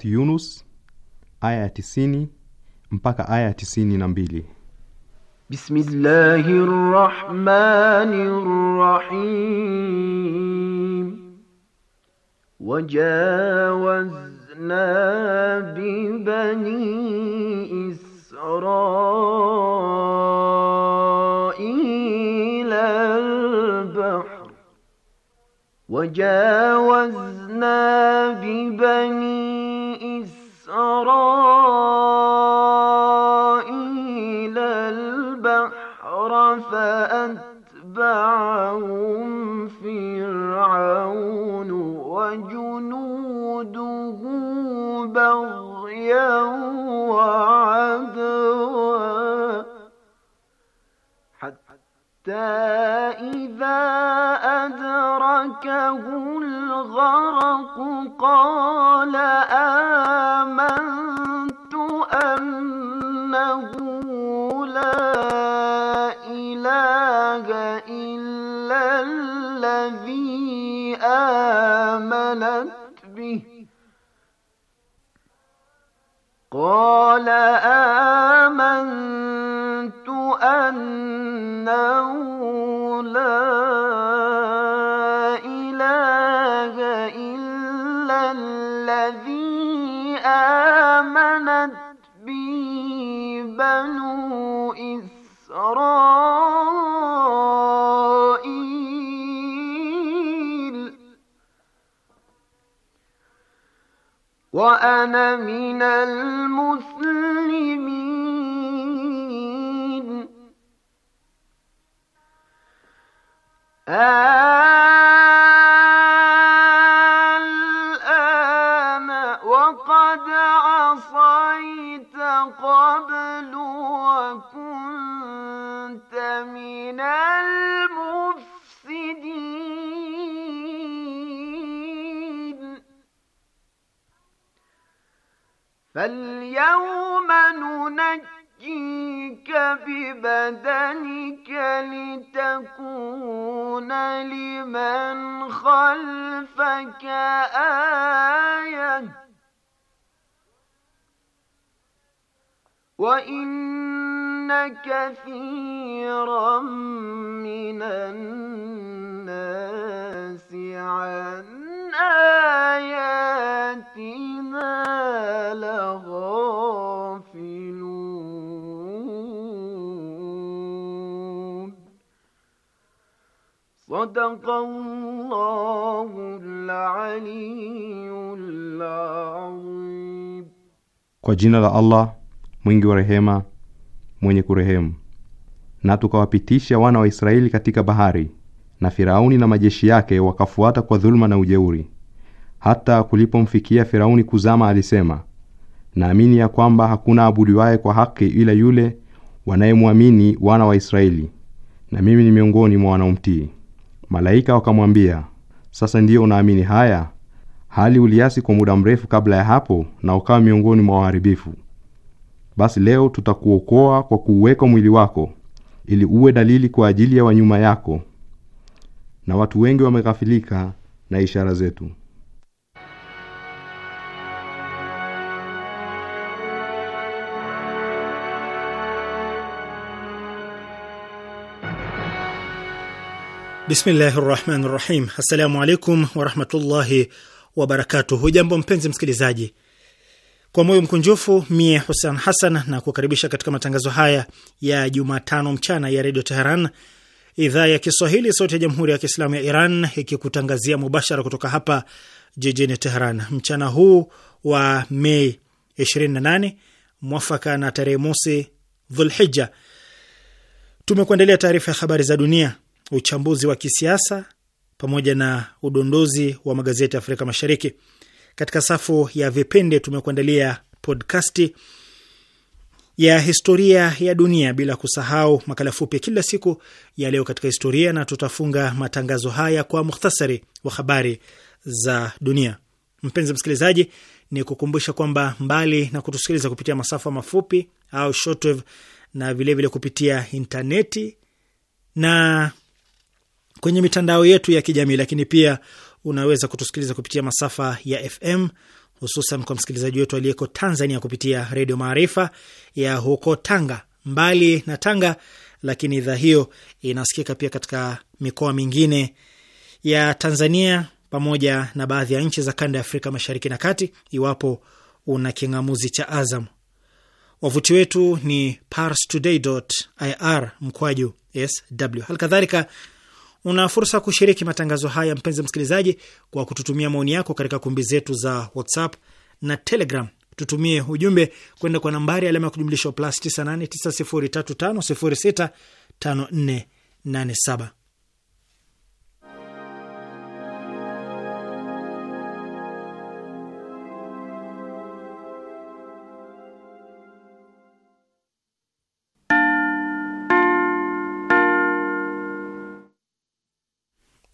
Surat Yunus aya ya tisini mpaka aya ya tisini na mbili. Bismillahir Rahmanir Rahim Wajawazna bi bani Israil al-bahr Wajawazna bi bani إسرائيل البحر فأتبعهم فرعون وجنوده بغيا وعدوا حتى إذا أدركه الغرق قال آمنت أنه لا إله إلا الذي آمنت به قال آمنت أن وأنا من المسلمين آه فاليوم ننجيك ببدنك لتكون لمن خلفك آية وإن كثيرا من الناس عن آياتنا Kwa jina la Allah mwingi wa rehema mwenye kurehemu. Na tukawapitisha wana wa Israeli katika bahari, na Firauni na majeshi yake wakafuata kwa dhuluma na ujeuri hata kulipomfikia Firauni kuzama, alisema, naamini ya kwamba hakuna abudiwaye kwa haki ila yule wanayemwamini wana wa Israeli, na mimi ni miongoni mwa wanaomtii. Malaika wakamwambia, sasa ndiyo unaamini haya, hali uliasi kwa muda mrefu kabla ya hapo, na ukawa miongoni mwa waharibifu. Basi leo tutakuokoa kwa kuuweka mwili wako, ili uwe dalili kwa ajili ya wanyuma yako, na watu wengi wameghafilika na ishara zetu. Bismillahi rahmani rahim. Assalamu alaikum warahmatullahi wabarakatu. Hujambo mpenzi msikilizaji, kwa moyo mkunjufu mie Husan Hasan na kukaribisha katika matangazo haya ya Jumatano mchana ya Redio Teheran, idhaa ya Kiswahili, sauti ya Jamhuri ya Kiislamu ya Iran, ikikutangazia mubashara kutoka hapa jijini Teheran mchana huu wa Mei 28 mwafaka na tarehe mosi Dhulhija. Tumekuandalia taarifa ya habari za dunia uchambuzi wa kisiasa pamoja na udondozi wa magazeti ya Afrika Mashariki. Katika safu ya vipindi tumekuandalia podkasti ya historia ya dunia, bila kusahau makala fupi kila siku ya leo katika historia, na tutafunga matangazo haya kwa muhtasari wa habari za dunia. Mpenzi msikilizaji, ni kukumbusha kwamba mbali na kutusikiliza kupitia masafa mafupi au shortwave na vilevile vile kupitia intaneti na kwenye mitandao yetu ya kijamii, lakini pia unaweza kutusikiliza kupitia masafa ya FM hususan kwa msikilizaji wetu aliyeko Tanzania kupitia Redio Maarifa ya huko Tanga. Mbali na Tanga, lakini idhaa hiyo inasikika pia katika mikoa mingine ya Tanzania pamoja na baadhi ya nchi za kanda ya Afrika Mashariki na Kati, iwapo una king'amuzi cha Azam. Wavuti wetu ni parstoday.ir mkwaju sw. Halikadhalika Una fursa kushiriki matangazo haya, mpenzi msikilizaji, kwa kututumia maoni yako katika kumbi zetu za WhatsApp na Telegram. Tutumie ujumbe kwenda kwa nambari alama ya kujumlisha plus 98 903 506 5487.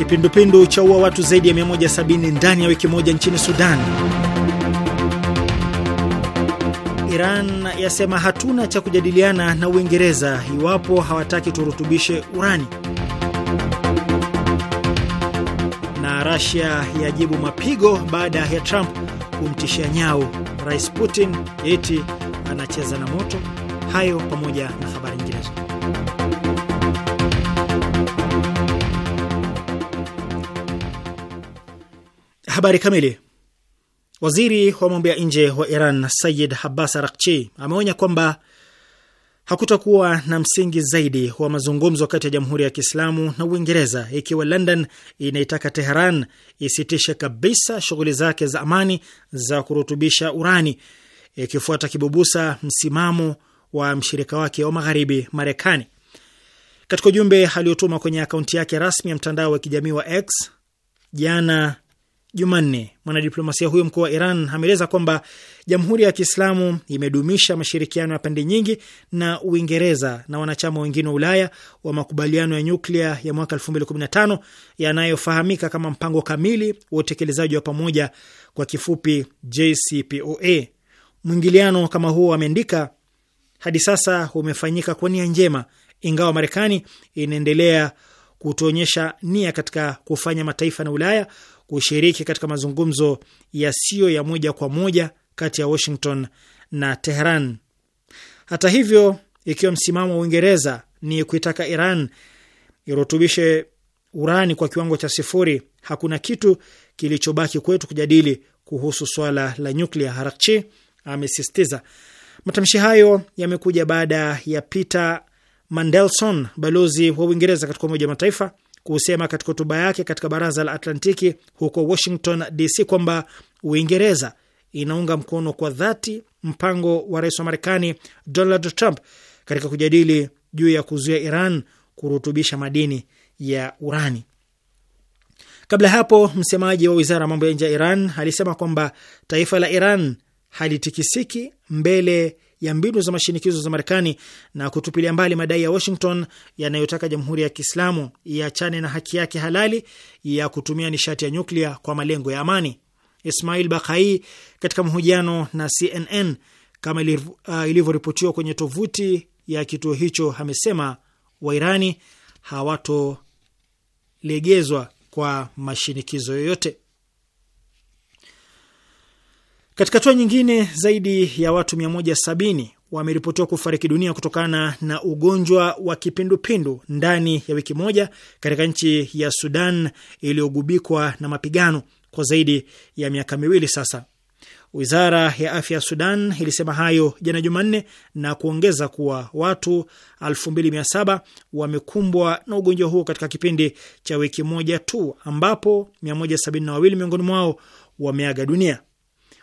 Kipindupindu chaua watu zaidi ya 170 ndani ya wiki moja nchini Sudan. Iran yasema hatuna cha kujadiliana na Uingereza iwapo hawataki turutubishe urani. Na Russia yajibu mapigo baada ya Trump kumtishia nyao Rais Putin eti anacheza na moto. Hayo pamoja na habari Habari kamili. Waziri wa mambo ya nje wa Iran Sayid Habas Arakchi ameonya kwamba hakutakuwa na msingi zaidi wa mazungumzo kati ya Jamhuri ya Kiislamu na Uingereza ikiwa London inaitaka Teheran isitishe kabisa shughuli zake za amani za kurutubisha urani, ikifuata kibubusa msimamo wa mshirika wake wa magharibi Marekani. Katika ujumbe aliotuma kwenye akaunti yake rasmi ya mtandao wa kijamii wa X jana Jumanne. Mwanadiplomasia huyo mkuu wa Iran ameeleza kwamba Jamhuri ya Kiislamu imedumisha mashirikiano ya pande nyingi na Uingereza na wanachama wengine wa Ulaya wa makubaliano ya nyuklia ya mwaka 2015 yanayofahamika kama mpango kamili wa utekelezaji wa pamoja, kwa kifupi JCPOA. Mwingiliano kama huo, ameandika, hadi sasa umefanyika kwa nia njema, ingawa Marekani inaendelea kutuonyesha nia katika kufanya mataifa na Ulaya kushiriki katika mazungumzo yasiyo ya moja kwa moja kati ya Washington na Tehran. Hata hivyo, ikiwa msimamo wa Uingereza ni kuitaka Iran irutubishe urani kwa kiwango cha sifuri, hakuna kitu kilichobaki kwetu kujadili kuhusu swala la nyuklia, Harakchi amesisitiza. Matamshi hayo yamekuja baada ya Peter Mandelson, balozi wa Uingereza katika Umoja wa Mataifa, kusema katika hotuba yake katika baraza la Atlantiki huko Washington DC kwamba Uingereza inaunga mkono kwa dhati mpango wa rais wa Marekani Donald Trump katika kujadili juu ya kuzuia Iran kurutubisha madini ya urani. Kabla ya hapo, msemaji wa wizara ya mambo ya nje ya Iran alisema kwamba taifa la Iran halitikisiki mbele ya mbinu za mashinikizo za Marekani na kutupilia mbali madai ya Washington yanayotaka Jamhuri ya Kiislamu iachane na haki yake halali ya kutumia nishati ya nyuklia kwa malengo ya amani. Ismail Bakai katika mahojiano na CNN kama uh, ilivyoripotiwa uh, kwenye tovuti ya kituo hicho amesema Wairani hawatolegezwa kwa mashinikizo yoyote. Katika hatua nyingine, zaidi ya watu 170 wameripotiwa kufariki dunia kutokana na ugonjwa wa kipindupindu ndani ya wiki moja katika nchi ya Sudan iliyogubikwa na mapigano kwa zaidi ya miaka miwili sasa. Wizara ya afya ya Sudan ilisema hayo jana Jumanne na kuongeza kuwa watu 2700 wamekumbwa na ugonjwa huo katika kipindi cha wiki moja tu, ambapo 172 miongoni mwao wameaga dunia.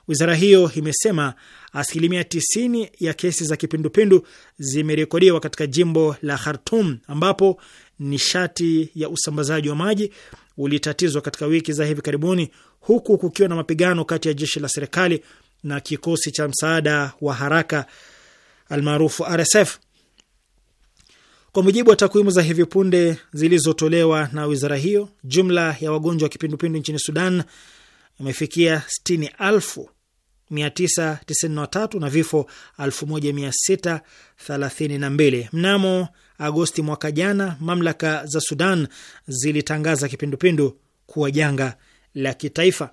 Wizara hiyo imesema asilimia 90 ya kesi za kipindupindu zimerekodiwa katika jimbo la Khartum ambapo nishati ya usambazaji wa maji ulitatizwa katika wiki za hivi karibuni, huku kukiwa na mapigano kati ya jeshi la serikali na kikosi cha msaada wa haraka almaarufu RSF. Kwa mujibu wa takwimu za hivi punde zilizotolewa na wizara hiyo, jumla ya wagonjwa wa kipindupindu nchini Sudan imefikia sitini elfu 993 na vifo 1632. Mnamo Agosti mwaka jana, mamlaka za Sudan zilitangaza kipindupindu kuwa janga la kitaifa.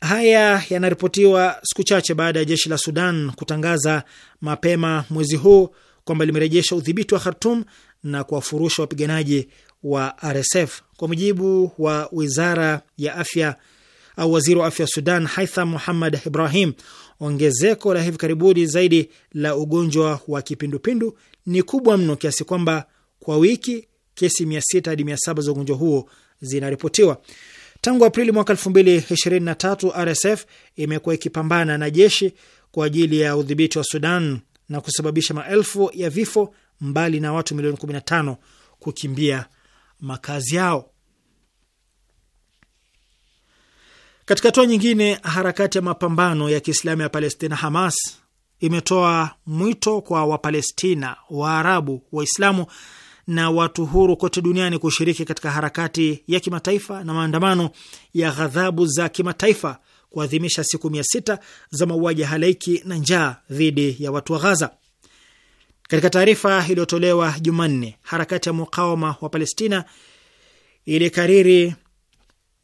Haya yanaripotiwa siku chache baada ya jeshi la Sudan kutangaza mapema mwezi huu kwamba limerejesha udhibiti wa Khartum na kuwafurusha wapiganaji wa RSF. Kwa mujibu wa wizara ya afya au waziri wa afya wa Sudan Haitham Muhammad Ibrahim, ongezeko la hivi karibuni zaidi la ugonjwa wa kipindupindu ni kubwa mno kiasi kwamba kwa wiki kesi 600 hadi 700 za ugonjwa huo zinaripotiwa. Tangu Aprili mwaka 2023 RSF imekuwa ikipambana na jeshi kwa ajili ya udhibiti wa Sudan na kusababisha maelfu ya vifo, mbali na watu milioni 15 kukimbia makazi yao. Katika hatua nyingine, harakati ya mapambano ya Kiislamu ya Palestina, Hamas, imetoa mwito kwa Wapalestina, Waarabu, Waislamu na watu huru kote duniani kushiriki katika harakati ya kimataifa na maandamano ya ghadhabu za kimataifa kuadhimisha siku mia sita za mauaji halaiki na njaa dhidi ya watu wa Ghaza. Katika taarifa iliyotolewa Jumanne, harakati ya mukawama wa Palestina ilikariri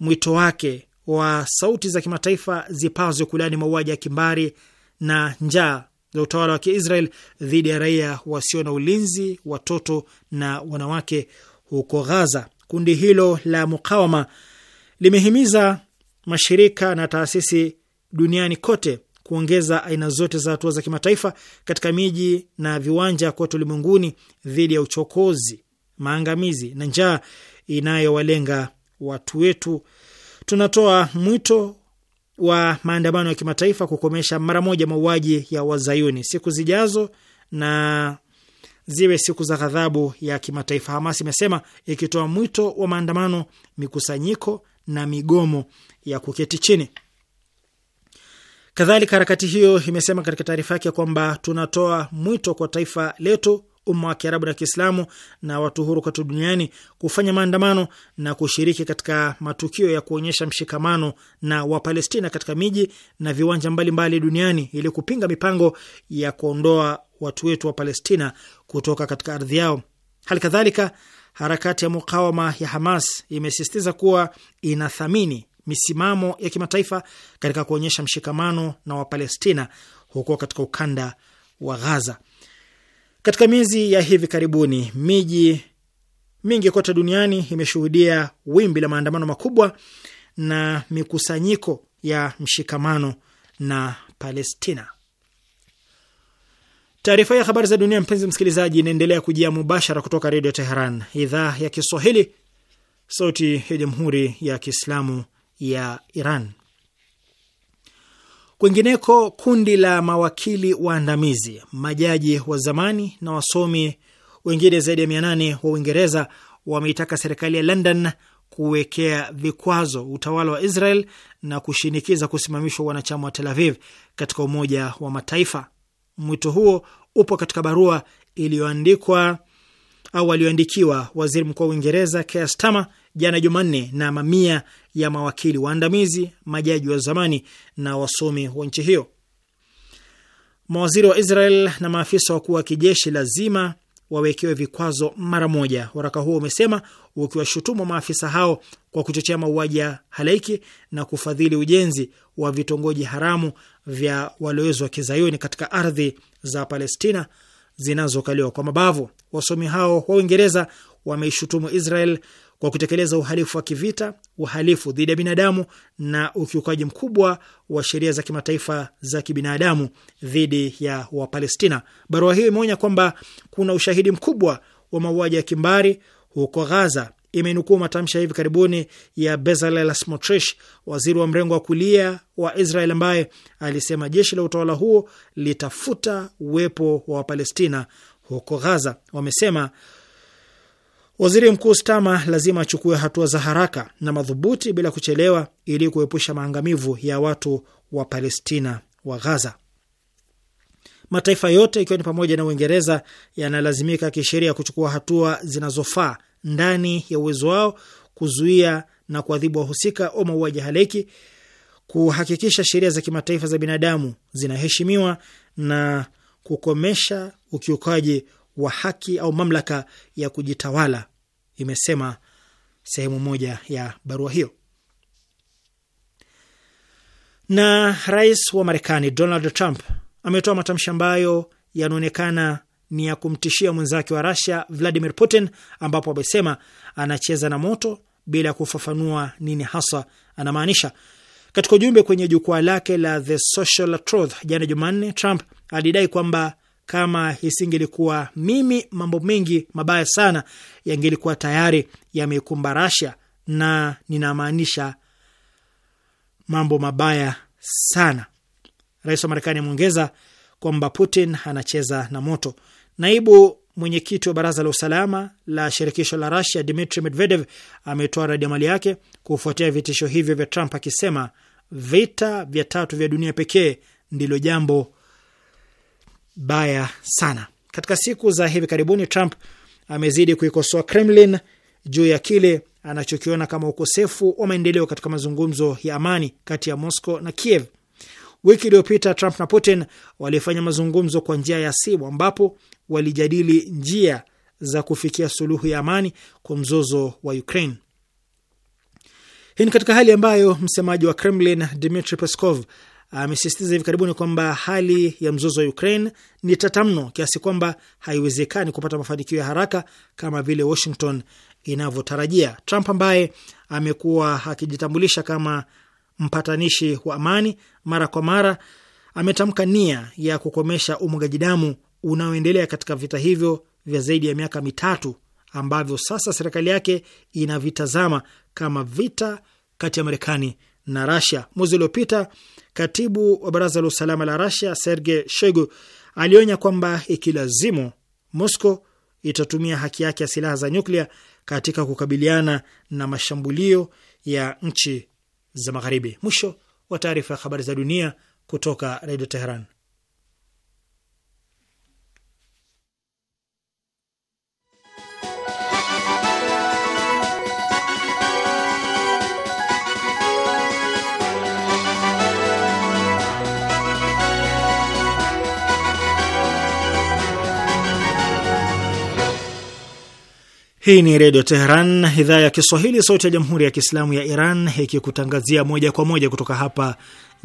mwito wake wa sauti za kimataifa zipazwe kulani mauaji ya kimbari na njaa za utawala wa Kiisrael dhidi ya raia wasio na ulinzi, watoto na wanawake huko Ghaza. Kundi hilo la mukawama limehimiza mashirika na taasisi duniani kote kuongeza aina zote za hatua za kimataifa katika miji na viwanja kote ulimwenguni dhidi ya uchokozi, maangamizi na njaa inayowalenga watu wetu tunatoa mwito wa maandamano ya kimataifa kukomesha mara moja mauaji ya Wazayuni. Siku zijazo na ziwe siku za ghadhabu ya kimataifa, Hamas imesema ikitoa mwito wa maandamano, mikusanyiko na migomo ya kuketi chini. Kadhalika, harakati hiyo imesema katika taarifa yake kwamba tunatoa mwito kwa taifa letu umma wa Kiarabu na Kiislamu na watu huru kote duniani kufanya maandamano na kushiriki katika matukio ya kuonyesha mshikamano na Wapalestina katika miji na viwanja mbalimbali mbali duniani ili kupinga mipango ya kuondoa watu wetu wa Palestina kutoka katika ardhi yao. Hali kadhalika harakati ya mukawama ya Hamas imesisitiza kuwa inathamini misimamo ya kimataifa katika kuonyesha mshikamano na Wapalestina huko katika ukanda wa Ghaza. Katika miezi ya hivi karibuni, miji mingi kote duniani imeshuhudia wimbi la maandamano makubwa na mikusanyiko ya mshikamano na Palestina. Taarifa ya habari za dunia, mpenzi msikilizaji, inaendelea kujia mubashara kutoka Redio Teheran, idhaa ya Kiswahili, sauti ya Jamhuri ya Kiislamu ya Iran. Kwingineko, kundi la mawakili waandamizi, majaji wa zamani na wasomi wengine zaidi ya mia nane wa Uingereza wameitaka serikali ya London kuwekea vikwazo utawala wa Israel na kushinikiza kusimamishwa wanachama wa Tel Aviv katika Umoja wa Mataifa. Mwito huo upo katika barua iliyoandikwa au aliyoandikiwa waziri mkuu wa Uingereza Keir Starmer jana Jumanne na mamia ya mawakili waandamizi, majaji wa zamani na wasomi wa nchi hiyo. Mawaziri wa Israel na maafisa wakuu wa kijeshi lazima wawekewe vikwazo mara moja, waraka huo umesema, ukiwashutumu maafisa hao kwa kuchochea mauaji ya halaiki na kufadhili ujenzi wa vitongoji haramu vya walowezi wa kizayuni katika ardhi za Palestina zinazokaliwa kwa mabavu. Wasomi hao wa Uingereza wameishutumu Israel kwa kutekeleza uhalifu wa kivita, uhalifu dhidi ya binadamu na ukiukaji mkubwa wa sheria za kimataifa za kibinadamu dhidi ya Wapalestina. Barua hiyo imeonya kwamba kuna ushahidi mkubwa wa mauaji ya kimbari huko Ghaza. Imenukuu matamshi ya hivi karibuni ya Bezalel Smotrich, waziri wa mrengo wa kulia wa Israel, ambaye alisema jeshi la utawala huo litafuta uwepo wa Wapalestina huko Ghaza. Wamesema Waziri Mkuu Stama lazima achukue hatua za haraka na madhubuti bila kuchelewa ili kuepusha maangamivu ya watu wa Palestina wa gaza Mataifa yote ikiwa ni pamoja na Uingereza yanalazimika kisheria kuchukua hatua zinazofaa ndani ya uwezo wao kuzuia na kuadhibu wahusika wa mauaji haleki, kuhakikisha sheria za kimataifa za binadamu zinaheshimiwa na kukomesha ukiukaji wa haki au mamlaka ya kujitawala, imesema sehemu moja ya barua hiyo. Na rais wa Marekani Donald Trump ametoa matamshi ambayo yanaonekana ni ya kumtishia mwenzake wa rasia Vladimir Putin, ambapo amesema anacheza na moto bila ya kufafanua nini haswa anamaanisha. Katika ujumbe kwenye jukwaa lake la The Social Truth jana Jumanne, Trump alidai kwamba kama isingelikuwa mimi, mambo mengi mabaya sana yangelikuwa tayari yameikumba Rasia, na ninamaanisha mambo mabaya sana. Rais wa Marekani ameongeza kwamba Putin anacheza na moto. Naibu mwenyekiti wa baraza la usalama la shirikisho la Rasia Dmitri Medvedev ametoa mali yake kufuatia vitisho hivyo vya Trump akisema vita vya tatu vya dunia pekee ndilo jambo baya sana. Katika siku za hivi karibuni, Trump amezidi kuikosoa Kremlin juu ya kile anachokiona kama ukosefu wa maendeleo katika mazungumzo ya amani kati ya Moscow na Kiev. Wiki iliyopita Trump na Putin walifanya mazungumzo kwa njia ya simu, ambapo walijadili njia za kufikia suluhu ya amani kwa mzozo wa Ukraine. Hii ni katika hali ambayo msemaji wa Kremlin dmitri Peskov Ah, amesisitiza hivi karibuni kwamba hali ya mzozo wa Ukraine ni tata mno kiasi kwamba haiwezekani kupata mafanikio ya haraka kama vile Washington inavyotarajia. Trump ambaye amekuwa akijitambulisha kama mpatanishi wa amani, mara kwa mara ametamka nia ya kukomesha umwagaji damu unaoendelea katika vita hivyo vya zaidi ya miaka mitatu ambavyo sasa serikali yake inavitazama kama vita kati ya Marekani na Rasia. Mwezi uliopita, katibu wa baraza la usalama la Rasia Sergey Shoigu alionya kwamba ikilazimu, Mosco itatumia haki yake ya silaha za nyuklia katika kukabiliana na mashambulio ya nchi za Magharibi. Mwisho wa taarifa ya habari za dunia kutoka Redio Teheran. Hii ni Redio Teheran, idhaa ya Kiswahili, sauti ya Jamhuri ya Kiislamu ya Iran, ikikutangazia moja kwa moja kutoka hapa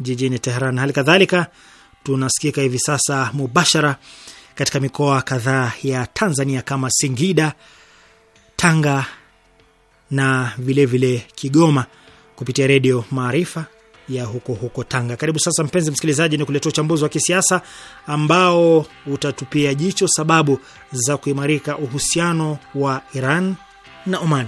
jijini Teheran. Hali kadhalika tunasikika hivi sasa mubashara katika mikoa kadhaa ya Tanzania kama Singida, Tanga na vilevile vile Kigoma, kupitia Redio Maarifa ya huko huko Tanga. Karibu sasa, mpenzi msikilizaji, ni kuletea uchambuzi wa kisiasa ambao utatupia jicho sababu za kuimarika uhusiano wa Iran na Oman.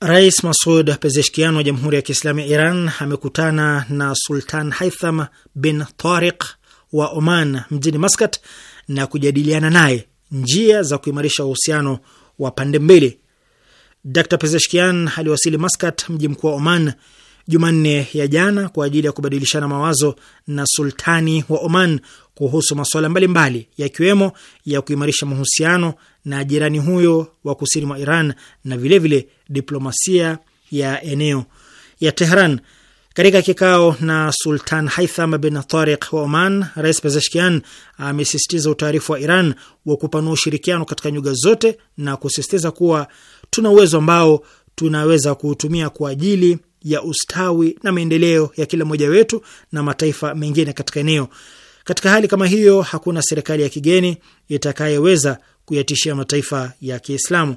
Rais Masud Pezeshkian wa Jamhuri ya Kiislamu ya Iran amekutana na Sultan Haitham bin Tariq wa Oman mjini Maskat na kujadiliana naye njia za kuimarisha uhusiano wa pande mbili. Dr Pezeshkian aliwasili Maskat, mji mkuu wa Oman, Jumanne ya jana kwa ajili ya kubadilishana mawazo na sultani wa Oman kuhusu masuala mbalimbali yakiwemo ya kuimarisha mahusiano na jirani huyo wa kusini mwa Iran na vilevile vile diplomasia ya eneo ya Tehran. Katika kikao na Sultan Haitham bin Tariq wa Oman, Rais Pezeshkian amesisitiza utaarifu wa Iran wa kupanua ushirikiano katika nyuga zote na kusisitiza kuwa tuna uwezo ambao tunaweza kuutumia kwa ajili ya ustawi na maendeleo ya kila mmoja wetu na mataifa mengine katika eneo. Katika hali kama hiyo, hakuna serikali ya kigeni itakayeweza kuyatishia mataifa ya Kiislamu.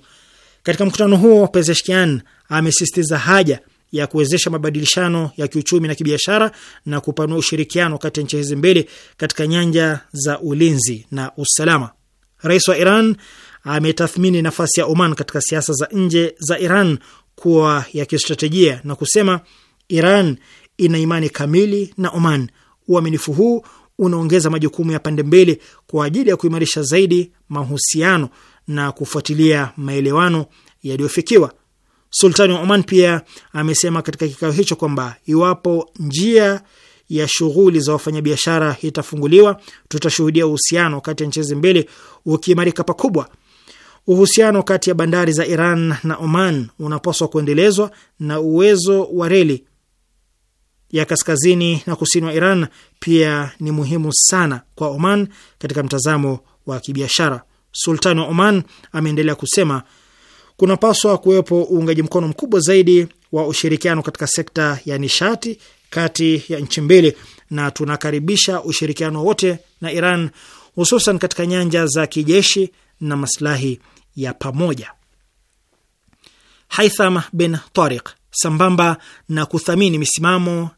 Katika mkutano huo, Pezeshkian amesisitiza haja ya kuwezesha mabadilishano ya kiuchumi na kibiashara na kupanua ushirikiano kati ya nchi hizi mbili katika nyanja za ulinzi na usalama. Rais wa Iran ametathmini nafasi ya Oman katika siasa za nje za Iran kuwa ya kistratejia na kusema Iran ina imani kamili na Oman. Uaminifu huu unaongeza majukumu ya pande mbili kwa ajili ya kuimarisha zaidi mahusiano na kufuatilia maelewano yaliyofikiwa. Sultani wa Oman pia amesema katika kikao hicho kwamba iwapo njia ya shughuli za wafanyabiashara itafunguliwa, tutashuhudia uhusiano kati ya nchi hizi mbili ukiimarika pakubwa. Uhusiano kati ya bandari za Iran na Oman unapaswa kuendelezwa na uwezo wa reli ya kaskazini na kusini wa Iran pia ni muhimu sana kwa Oman katika mtazamo wa kibiashara. Sultani wa Oman ameendelea kusema kunapaswa kuwepo uungaji mkono mkubwa zaidi wa ushirikiano katika sekta ya nishati kati ya nchi mbili, na tunakaribisha ushirikiano wote na Iran, hususan katika nyanja za kijeshi na maslahi ya pamoja. Haitham bin Tariq, sambamba na kuthamini misimamo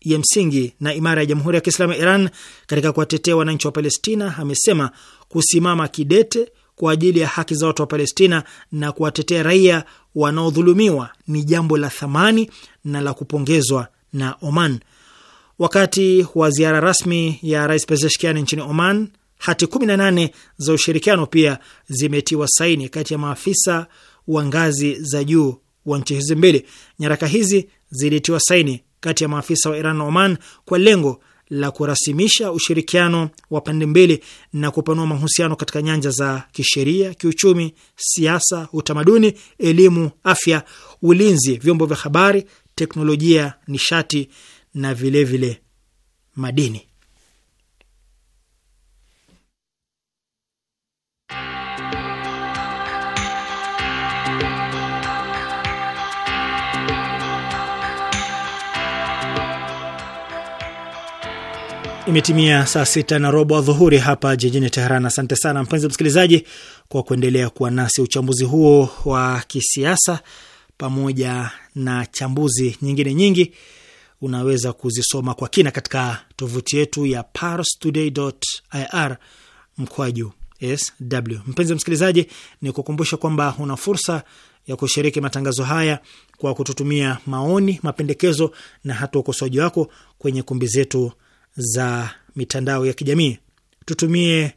ya msingi na imara ya Jamhuri ya Kiislamu ya Iran katika kuwatetea wananchi wa Palestina, amesema kusimama kidete kwa ajili ya haki za watu wa Palestina na kuwatetea raia wanaodhulumiwa ni jambo la thamani na la kupongezwa na Oman. Wakati wa ziara rasmi ya Rais Pezeshkian nchini Oman, hati 18 za ushirikiano pia zimetiwa saini kati ya maafisa wa ngazi za juu wa nchi hizi mbili. Nyaraka hizi zilitiwa saini kati ya maafisa wa Iran na Oman kwa lengo la kurasimisha ushirikiano wa pande mbili na kupanua mahusiano katika nyanja za kisheria, kiuchumi, siasa, utamaduni, elimu, afya, ulinzi, vyombo vya habari, teknolojia, nishati na vilevile vile madini. Imetimia saa sita na robo adhuhuri hapa jijini Teheran. Asante sana mpenzi msikilizaji kwa kuendelea kuwa nasi. Uchambuzi huo wa kisiasa pamoja na chambuzi nyingine nyingi unaweza kuzisoma kwa kina katika tovuti yetu ya parstoday.ir mkwaju sw. Mpenzi msikilizaji, ni kukumbusha kwamba una fursa ya kushiriki matangazo haya kwa kututumia maoni, mapendekezo na hata ukosoaji wako kwenye kumbi zetu za mitandao ya kijamii. Tutumie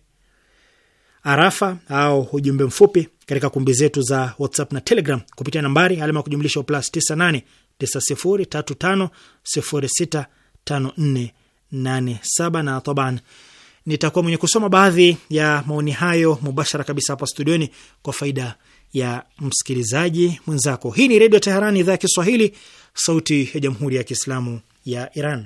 arafa au ujumbe mfupi katika kumbi zetu za WhatsApp na Telegram kupitia nambari alama ya kujumlisha plus 98 9035065487 na taban nitakuwa mwenye kusoma baadhi ya maoni hayo mubashara kabisa hapa studioni kwa faida ya msikilizaji mwenzako. Hii ni Redio Teherani, idhaa ya Kiswahili, sauti ya Jamhuri ya Kiislamu ya Iran.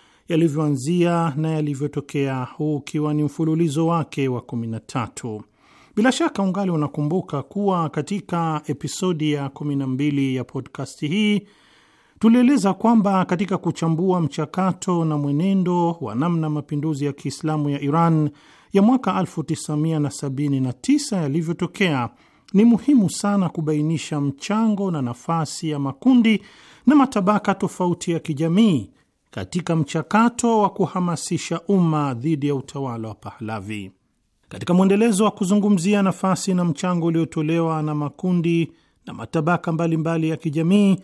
yalivyoanzia na yalivyotokea, huu ukiwa ni mfululizo wake wa tatu. Bila shaka ungali unakumbuka kuwa katika episodi ya 12 ya podkasti hii tulieleza kwamba katika kuchambua mchakato na mwenendo wa namna mapinduzi ya Kiislamu ya Iran ya mwaka 1979 yalivyotokea, ni muhimu sana kubainisha mchango na nafasi ya makundi na matabaka tofauti ya kijamii katika mchakato wa kuhamasisha umma dhidi ya utawala wa Pahlavi. Katika mwendelezo wa kuzungumzia nafasi na mchango uliotolewa na makundi na matabaka mbalimbali mbali ya kijamii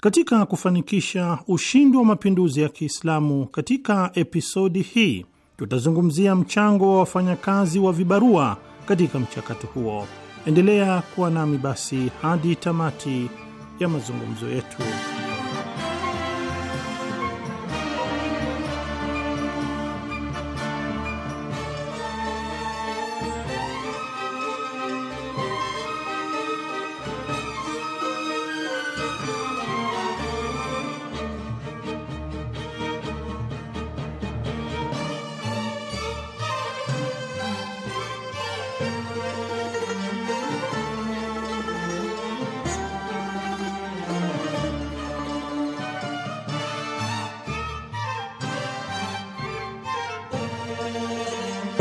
katika kufanikisha ushindi wa mapinduzi ya Kiislamu, katika episodi hii tutazungumzia mchango wa wafanyakazi wa vibarua katika mchakato huo. Endelea kuwa nami basi hadi tamati ya mazungumzo yetu.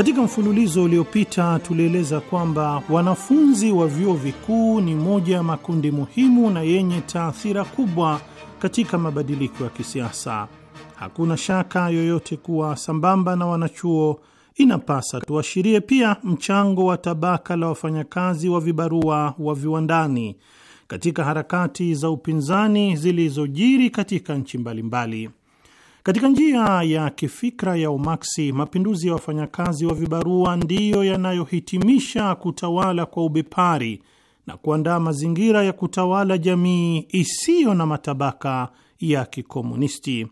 Katika mfululizo uliopita tulieleza kwamba wanafunzi wa vyuo vikuu ni moja ya makundi muhimu na yenye taathira kubwa katika mabadiliko ya kisiasa. Hakuna shaka yoyote kuwa sambamba na wanachuo, inapasa tuashirie pia mchango wa tabaka la wafanyakazi wa vibarua wa viwandani katika harakati za upinzani zilizojiri katika nchi mbalimbali mbali. Katika njia ya kifikra ya Umaksi, mapinduzi ya wafanyakazi wa vibarua ndiyo yanayohitimisha kutawala kwa ubepari na kuandaa mazingira ya kutawala jamii isiyo na matabaka ya kikomunisti.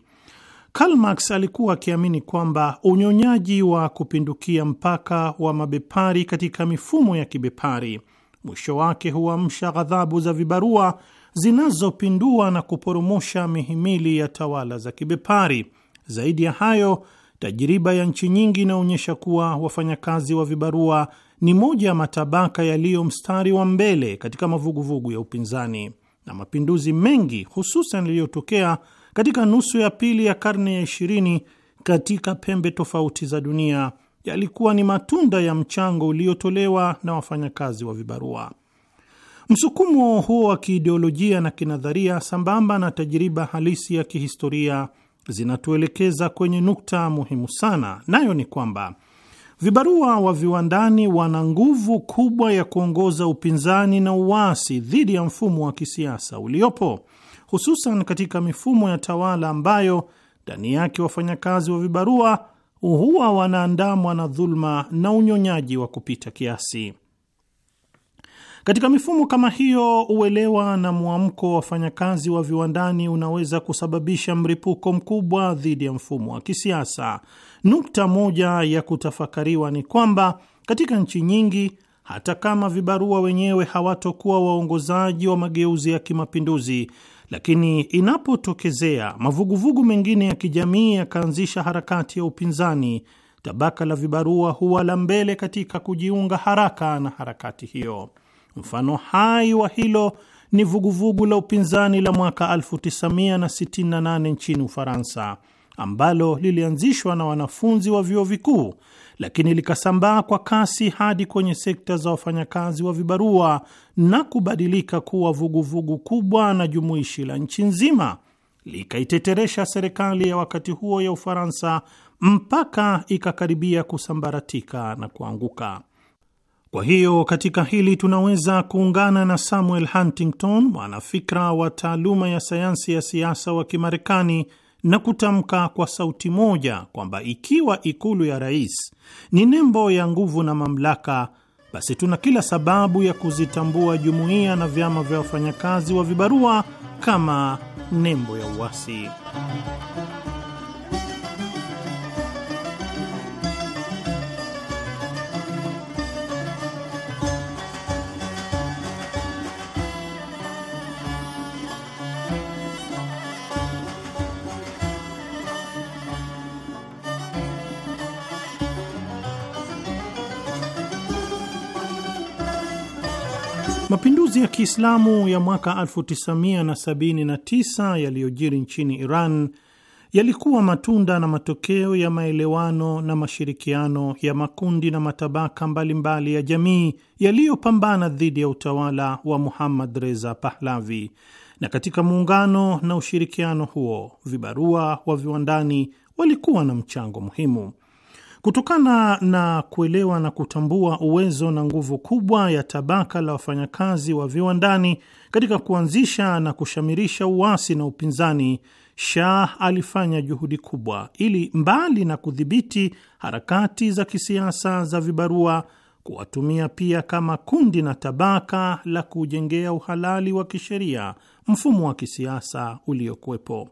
Karl Marx alikuwa akiamini kwamba unyonyaji wa kupindukia mpaka wa mabepari katika mifumo ya kibepari mwisho wake huamsha ghadhabu za vibarua zinazopindua na kuporomosha mihimili ya tawala za kibepari. Zaidi ya hayo, tajiriba ya nchi nyingi inaonyesha kuwa wafanyakazi wa vibarua ni moja ya matabaka yaliyo mstari wa mbele katika mavuguvugu ya upinzani, na mapinduzi mengi hususan yaliyotokea katika nusu ya pili ya karne ya ishirini katika pembe tofauti za dunia yalikuwa ni matunda ya mchango uliotolewa na wafanyakazi wa vibarua. Msukumo huo wa kiideolojia na kinadharia sambamba na tajiriba halisi ya kihistoria zinatuelekeza kwenye nukta muhimu sana, nayo ni kwamba vibarua wa viwandani wana nguvu kubwa ya kuongoza upinzani na uasi dhidi ya mfumo wa kisiasa uliopo, hususan katika mifumo ya tawala ambayo ndani yake wafanyakazi wa vibarua huwa wanaandamwa na dhuluma na unyonyaji wa kupita kiasi. Katika mifumo kama hiyo, uelewa na mwamko wa wafanyakazi wa viwandani unaweza kusababisha mripuko mkubwa dhidi ya mfumo wa kisiasa. Nukta moja ya kutafakariwa ni kwamba katika nchi nyingi, hata kama vibarua wenyewe hawatokuwa waongozaji wa mageuzi ya kimapinduzi, lakini inapotokezea mavuguvugu mengine ya kijamii yakaanzisha harakati ya upinzani, tabaka la vibarua huwa la mbele katika kujiunga haraka na harakati hiyo. Mfano hai wa hilo ni vuguvugu la upinzani la mwaka 1968 nchini Ufaransa ambalo lilianzishwa na wanafunzi wa vyuo vikuu lakini likasambaa kwa kasi hadi kwenye sekta za wafanyakazi wa vibarua na kubadilika kuwa vuguvugu vugu kubwa na jumuishi la nchi nzima, likaiteteresha serikali ya wakati huo ya Ufaransa mpaka ikakaribia kusambaratika na kuanguka. Kwa hiyo katika hili tunaweza kuungana na Samuel Huntington, mwanafikra wa taaluma ya sayansi ya siasa wa Kimarekani, na kutamka kwa sauti moja kwamba ikiwa ikulu ya rais ni nembo ya nguvu na mamlaka, basi tuna kila sababu ya kuzitambua jumuiya na vyama vya wafanyakazi wa vibarua kama nembo ya uasi. Mapinduzi ya Kiislamu ya mwaka 1979 yaliyojiri nchini Iran yalikuwa matunda na matokeo ya maelewano na mashirikiano ya makundi na matabaka mbalimbali mbali ya jamii yaliyopambana dhidi ya utawala wa Muhammad Reza Pahlavi. Na katika muungano na ushirikiano huo, vibarua wa viwandani walikuwa na mchango muhimu. Kutokana na kuelewa na kutambua uwezo na nguvu kubwa ya tabaka la wafanyakazi wa viwandani katika kuanzisha na kushamirisha uasi na upinzani, Shah alifanya juhudi kubwa ili mbali na kudhibiti harakati za kisiasa za vibarua, kuwatumia pia kama kundi na tabaka la kujengea uhalali wa kisheria mfumo wa kisiasa uliokuwepo.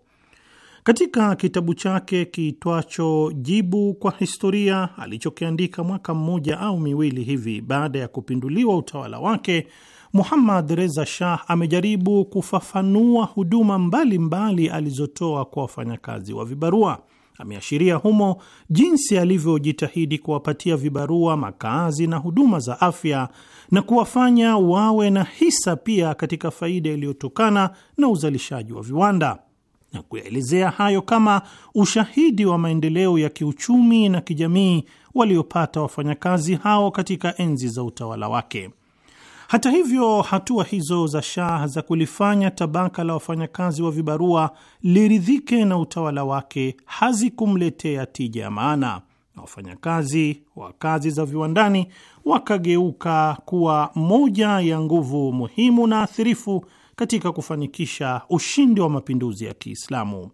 Katika kitabu chake kiitwacho Jibu kwa Historia alichokiandika mwaka mmoja au miwili hivi baada ya kupinduliwa utawala wake, Muhammad Reza Shah amejaribu kufafanua huduma mbalimbali mbali alizotoa kwa wafanyakazi wa vibarua. Ameashiria humo jinsi alivyojitahidi kuwapatia vibarua makazi na huduma za afya na kuwafanya wawe na hisa pia katika faida iliyotokana na uzalishaji wa viwanda na kuyaelezea hayo kama ushahidi wa maendeleo ya kiuchumi na kijamii waliopata wafanyakazi hao katika enzi za utawala wake. Hata hivyo, hatua hizo za Shah za kulifanya tabaka la wafanyakazi wa vibarua liridhike na utawala wake hazikumletea tija ya maana, na wafanyakazi wa kazi za viwandani wakageuka kuwa moja ya nguvu muhimu na athirifu katika kufanikisha ushindi wa mapinduzi ya Kiislamu.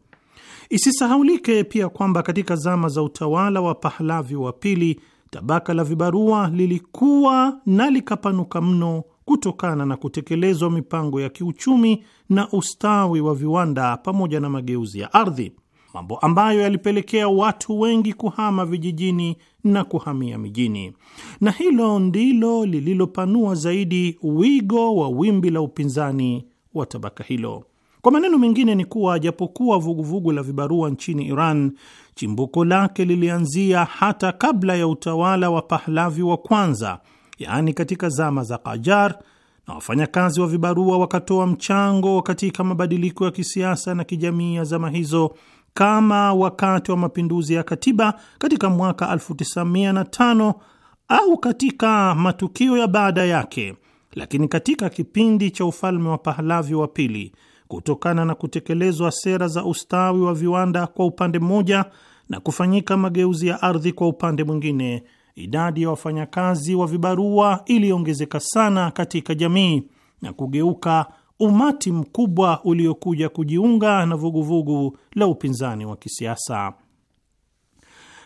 Isisahaulike pia kwamba katika zama za utawala wa Pahlavi wa pili, tabaka la vibarua lilikuwa na likapanuka mno kutokana na kutekelezwa mipango ya kiuchumi na ustawi wa viwanda pamoja na mageuzi ya ardhi mambo ambayo yalipelekea watu wengi kuhama vijijini na kuhamia mijini, na hilo ndilo lililopanua zaidi wigo wa wimbi la upinzani wa tabaka hilo. Kwa maneno mengine ni kuwa japokuwa vuguvugu la vibarua nchini Iran chimbuko lake lilianzia hata kabla ya utawala wa Pahlavi wa kwanza, yaani katika zama za kajar na wafanyakazi wa vibarua wakatoa mchango katika mabadiliko ya kisiasa na kijamii ya zama hizo kama wakati wa mapinduzi ya katiba katika mwaka 1905 au katika matukio ya baada yake, lakini katika kipindi cha ufalme wa Pahlavi wa pili, kutokana na kutekelezwa sera za ustawi wa viwanda kwa upande mmoja na kufanyika mageuzi ya ardhi kwa upande mwingine, idadi ya wafanyakazi wa vibarua iliongezeka sana katika jamii na kugeuka umati mkubwa uliokuja kujiunga na vuguvugu vugu la upinzani wa kisiasa.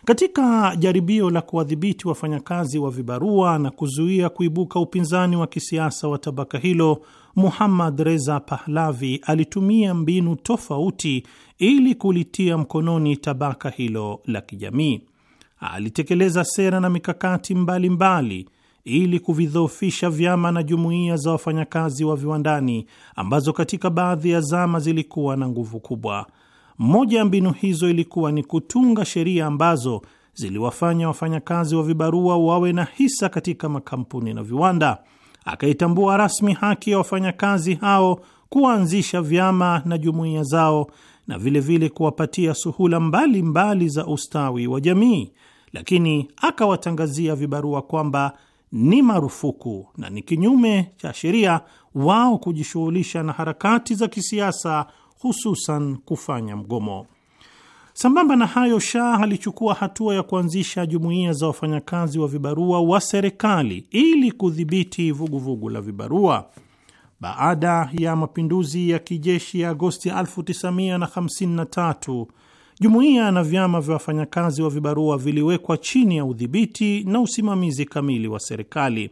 Katika jaribio la kuwadhibiti wafanyakazi wa vibarua na kuzuia kuibuka upinzani wa kisiasa wa tabaka hilo, Muhammad Reza Pahlavi alitumia mbinu tofauti ili kulitia mkononi tabaka hilo la kijamii. Alitekeleza sera na mikakati mbalimbali mbali ili kuvidhoofisha vyama na jumuiya za wafanyakazi wa viwandani ambazo katika baadhi ya zama zilikuwa na nguvu kubwa. Moja ya mbinu hizo ilikuwa ni kutunga sheria ambazo ziliwafanya wafanyakazi wa vibarua wawe na hisa katika makampuni na viwanda. Akaitambua rasmi haki ya wafanyakazi hao kuanzisha vyama na jumuiya zao na vilevile vile kuwapatia suhula mbalimbali mbali za ustawi wa jamii, lakini akawatangazia vibarua kwamba ni marufuku na ni kinyume cha sheria wao kujishughulisha na harakati za kisiasa, hususan kufanya mgomo. Sambamba na hayo, Shah alichukua hatua ya kuanzisha jumuiya za wafanyakazi wa vibarua wa serikali ili kudhibiti vuguvugu la vibarua. Baada ya mapinduzi ya kijeshi ya Agosti 1953 Jumuiya na vyama vya wafanyakazi wa vibarua viliwekwa chini ya udhibiti na usimamizi kamili wa serikali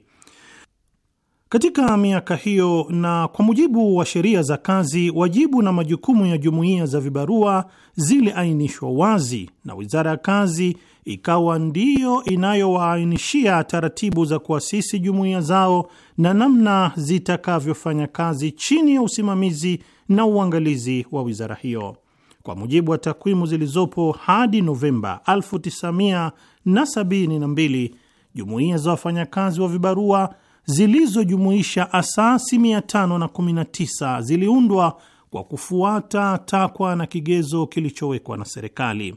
katika miaka hiyo, na kwa mujibu wa sheria za kazi, wajibu na majukumu ya jumuiya za vibarua ziliainishwa wazi, na wizara ya kazi ikawa ndiyo inayowaainishia taratibu za kuasisi jumuiya zao na namna zitakavyofanya kazi chini ya usimamizi na uangalizi wa wizara hiyo. Kwa mujibu wa takwimu zilizopo hadi Novemba 1972 jumuiya za wafanyakazi wa vibarua zilizojumuisha asasi 519 ziliundwa kwa kufuata takwa na kigezo kilichowekwa na serikali.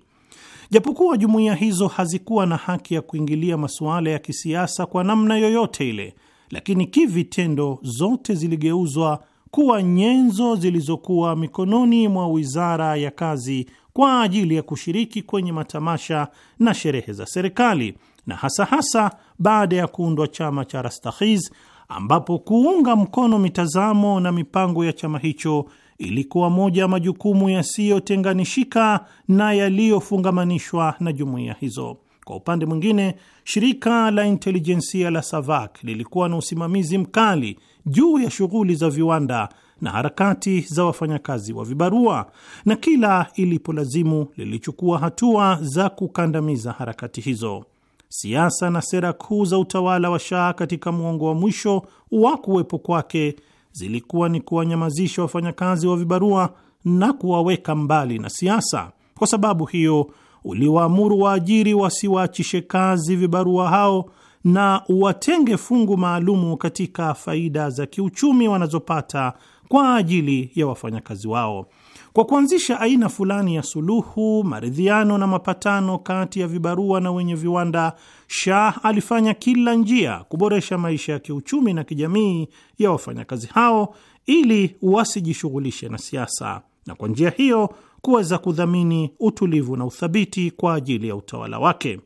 Japokuwa jumuiya hizo hazikuwa na haki ya kuingilia masuala ya kisiasa kwa namna yoyote ile, lakini kivitendo zote ziligeuzwa kuwa nyenzo zilizokuwa mikononi mwa Wizara ya Kazi kwa ajili ya kushiriki kwenye matamasha na sherehe za serikali, na hasa hasa baada ya kuundwa chama cha Rastakhiz, ambapo kuunga mkono mitazamo na mipango ya chama hicho ilikuwa moja ya majukumu yasiyotenganishika na yaliyofungamanishwa na jumuiya hizo. Kwa upande mwingine, shirika la intelijensia la SAVAK lilikuwa na usimamizi mkali juu ya shughuli za viwanda na harakati za wafanyakazi wa vibarua, na kila ilipolazimu lilichukua hatua za kukandamiza harakati hizo. Siasa na sera kuu za utawala wa Shah katika mwongo wa mwisho wa kuwepo kwake zilikuwa ni kuwanyamazisha wafanyakazi wa vibarua na kuwaweka mbali na siasa. Kwa sababu hiyo, uliwaamuru waajiri wasiwaachishe kazi vibarua hao na watenge fungu maalumu katika faida za kiuchumi wanazopata kwa ajili ya wafanyakazi wao. Kwa kuanzisha aina fulani ya suluhu, maridhiano na mapatano kati ya vibarua na wenye viwanda, Shah alifanya kila njia kuboresha maisha ya kiuchumi na kijamii ya wafanyakazi hao ili wasijishughulishe na siasa, na kwa njia hiyo kuweza kudhamini utulivu na uthabiti kwa ajili ya utawala wake.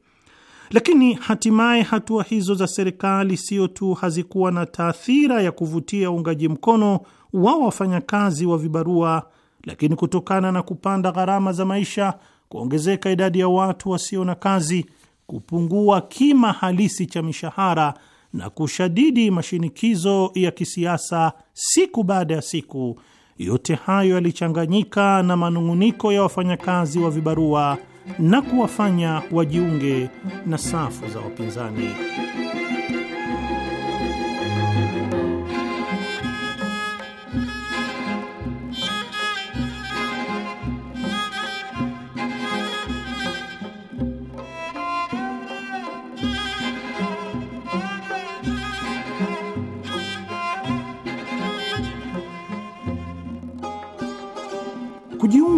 Lakini hatimaye hatua hizo za serikali sio tu hazikuwa na taathira ya kuvutia uungaji mkono wa wafanyakazi wa vibarua, lakini kutokana na kupanda gharama za maisha, kuongezeka idadi ya watu wasio na kazi, kupungua kima halisi cha mishahara na kushadidi mashinikizo ya kisiasa siku baada ya siku, yote hayo yalichanganyika na manung'uniko ya wafanyakazi wa vibarua na kuwafanya wajiunge na safu za wapinzani.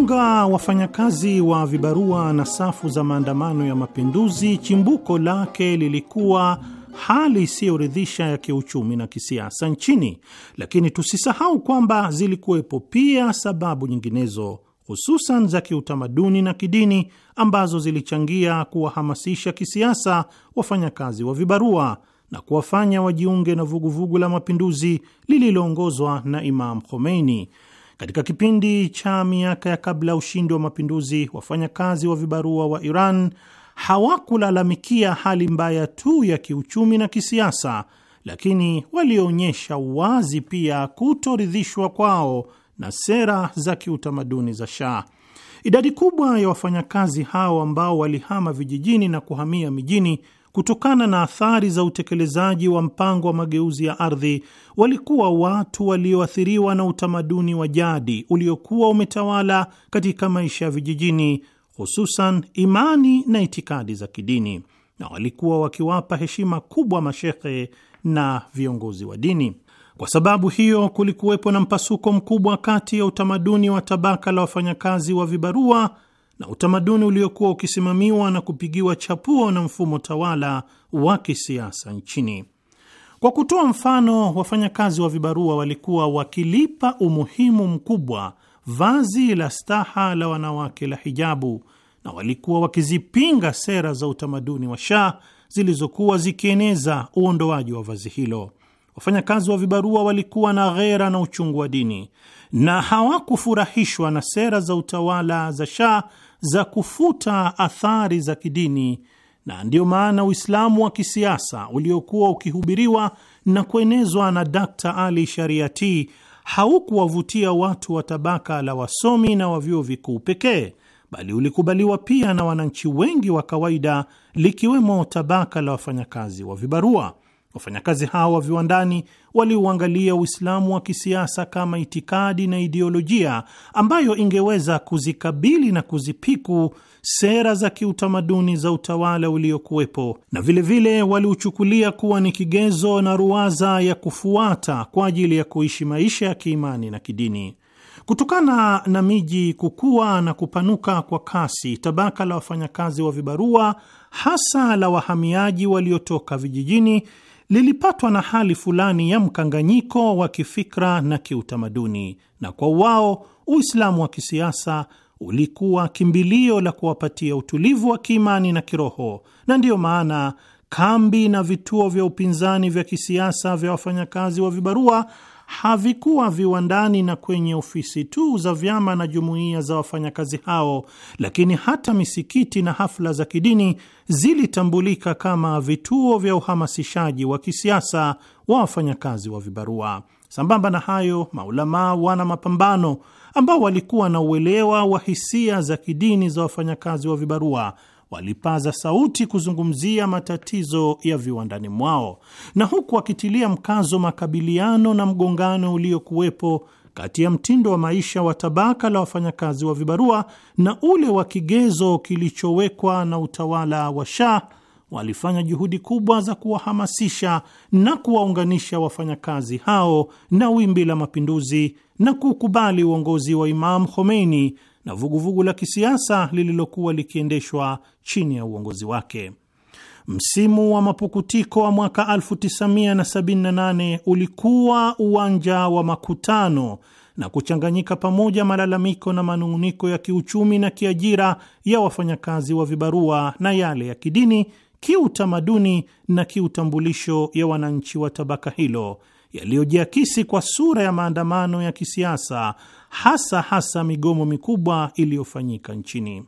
kuwaunga wafanyakazi wa vibarua na safu za maandamano ya mapinduzi, chimbuko lake lilikuwa hali isiyoridhisha ya kiuchumi na kisiasa nchini, lakini tusisahau kwamba zilikuwepo pia sababu nyinginezo hususan za kiutamaduni na kidini ambazo zilichangia kuwahamasisha kisiasa wafanyakazi wa vibarua na kuwafanya wajiunge na vuguvugu vugu la mapinduzi lililoongozwa na Imam Khomeini katika kipindi cha miaka ya kabla ya ushindi wa mapinduzi, wafanyakazi wa vibarua wa Iran hawakulalamikia hali mbaya tu ya kiuchumi na kisiasa, lakini walionyesha wazi pia kutoridhishwa kwao na sera za kiutamaduni za Shah. Idadi kubwa ya wafanyakazi hao ambao walihama vijijini na kuhamia mijini kutokana na athari za utekelezaji wa mpango wa mageuzi ya ardhi, walikuwa watu walioathiriwa na utamaduni wa jadi uliokuwa umetawala katika maisha ya vijijini, hususan imani na itikadi za kidini, na walikuwa wakiwapa heshima kubwa mashehe na viongozi wa dini. Kwa sababu hiyo, kulikuwepo na mpasuko mkubwa kati ya utamaduni wa tabaka la wafanyakazi wa vibarua na utamaduni uliokuwa ukisimamiwa na kupigiwa chapuo na mfumo tawala wa kisiasa nchini. Kwa kutoa mfano, wafanyakazi wa vibarua walikuwa wakilipa umuhimu mkubwa vazi la staha la wanawake la hijabu, na walikuwa wakizipinga sera za utamaduni wa Shah zilizokuwa zikieneza uondoaji wa vazi hilo. Wafanyakazi wa vibarua walikuwa na ghera na uchungu wa dini na hawakufurahishwa na sera za utawala za Shah za kufuta athari za kidini, na ndiyo maana Uislamu wa kisiasa uliokuwa ukihubiriwa na kuenezwa na d Ali Shariati haukuwavutia watu wa tabaka la wasomi na wa vyuo vikuu pekee, bali ulikubaliwa pia na wananchi wengi wa kawaida, likiwemo tabaka la wafanyakazi wa vibarua. Wafanyakazi hao wa viwandani waliuangalia Uislamu wa kisiasa kama itikadi na ideolojia ambayo ingeweza kuzikabili na kuzipiku sera za kiutamaduni za utawala uliokuwepo, na vilevile waliuchukulia kuwa ni kigezo na ruwaza ya kufuata kwa ajili ya kuishi maisha ya kiimani na kidini. Kutokana na miji kukua na kupanuka kwa kasi, tabaka la wafanyakazi wa vibarua hasa la wahamiaji waliotoka vijijini lilipatwa na hali fulani ya mkanganyiko wa kifikra na kiutamaduni, na kwa wao Uislamu wa kisiasa ulikuwa kimbilio la kuwapatia utulivu wa kiimani na kiroho, na ndiyo maana kambi na vituo vya upinzani vya kisiasa vya wafanyakazi wa vibarua havikuwa viwandani na kwenye ofisi tu za vyama na jumuiya za wafanyakazi hao, lakini hata misikiti na hafla za kidini zilitambulika kama vituo vya uhamasishaji wa kisiasa wa wafanyakazi wa vibarua. Sambamba na hayo, maulamaa wana mapambano ambao walikuwa na uelewa wa hisia za kidini za wafanyakazi wa vibarua walipaza sauti kuzungumzia matatizo ya viwandani mwao, na huku wakitilia mkazo makabiliano na mgongano uliokuwepo kati ya mtindo wa maisha wa tabaka la wafanyakazi wa vibarua na ule wa kigezo kilichowekwa na utawala wa Shah, walifanya juhudi kubwa za kuwahamasisha na kuwaunganisha wafanyakazi hao na wimbi la mapinduzi na kukubali uongozi wa Imam Khomeini na vuguvugu la kisiasa lililokuwa likiendeshwa chini ya uongozi wake. Msimu wa mapukutiko wa mwaka 1978 ulikuwa uwanja wa makutano na kuchanganyika pamoja malalamiko na manung'uniko ya kiuchumi na kiajira ya wafanyakazi wa vibarua na yale ya kidini, kiutamaduni na kiutambulisho ya wananchi wa tabaka hilo yaliyojiakisi kwa sura ya maandamano ya kisiasa, hasa hasa migomo mikubwa iliyofanyika nchini.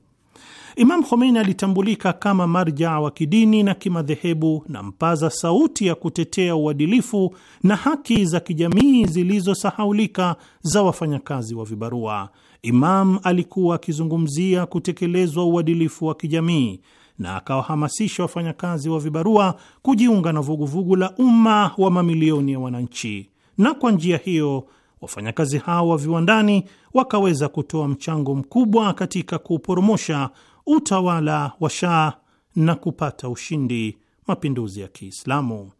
Imam Khomeini alitambulika kama marjaa wa kidini na kimadhehebu na mpaza sauti ya kutetea uadilifu na haki za kijamii zilizosahaulika za wafanyakazi wa vibarua. Imam alikuwa akizungumzia kutekelezwa uadilifu wa kijamii na akawahamasisha wafanyakazi wa vibarua kujiunga na vuguvugu la umma wa mamilioni ya wananchi, na kwa njia hiyo wafanyakazi hao wa viwandani wakaweza kutoa mchango mkubwa katika kuporomosha utawala wa Shah na kupata ushindi mapinduzi ya Kiislamu.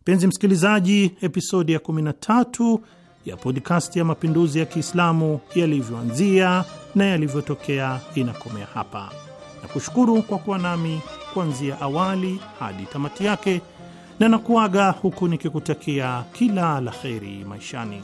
Mpenzi msikilizaji, episodi ya 13 ya podcast ya mapinduzi ya Kiislamu yalivyoanzia na yalivyotokea inakomea hapa na kushukuru kwa kuwa nami kuanzia awali hadi tamati yake, na nakuaga huku nikikutakia kila la kheri maishani.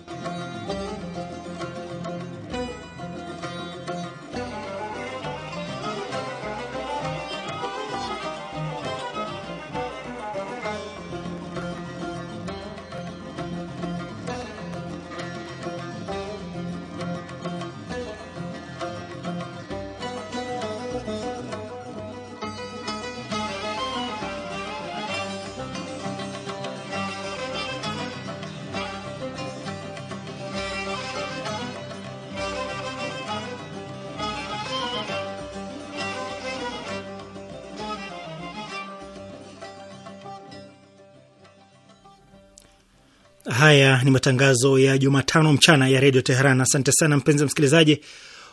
Haya ni matangazo ya Jumatano mchana ya redio Teheran. Asante sana mpenzi msikilizaji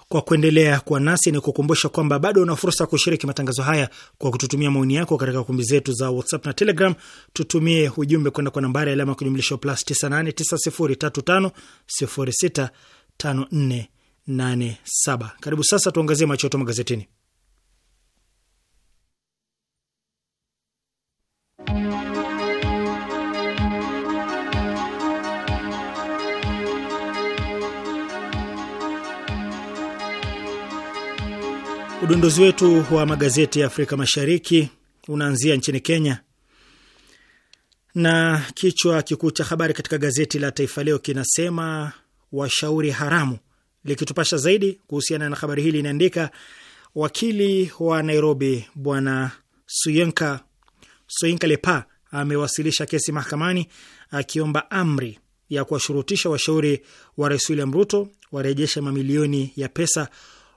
kwa kuendelea kuwa nasi. Ni kukumbusha kwamba bado una fursa ya kushiriki matangazo haya kwa kututumia maoni yako katika kumbi zetu za WhatsApp na Telegram. Tutumie ujumbe kwenda kwa nambari alama ya kujumlisha plus 989035065487. Karibu sasa, tuangazie macho yetu magazetini. Udondozi wetu wa magazeti ya Afrika Mashariki unaanzia nchini Kenya, na kichwa kikuu cha habari katika gazeti la Taifa Leo kinasema washauri haramu. Likitupasha zaidi kuhusiana na habari hili, inaandika wakili wa Nairobi Bwana Suyenka Soyinka Lepa amewasilisha kesi mahakamani akiomba amri ya kuwashurutisha washauri wa Rais William Ruto warejeshe mamilioni ya pesa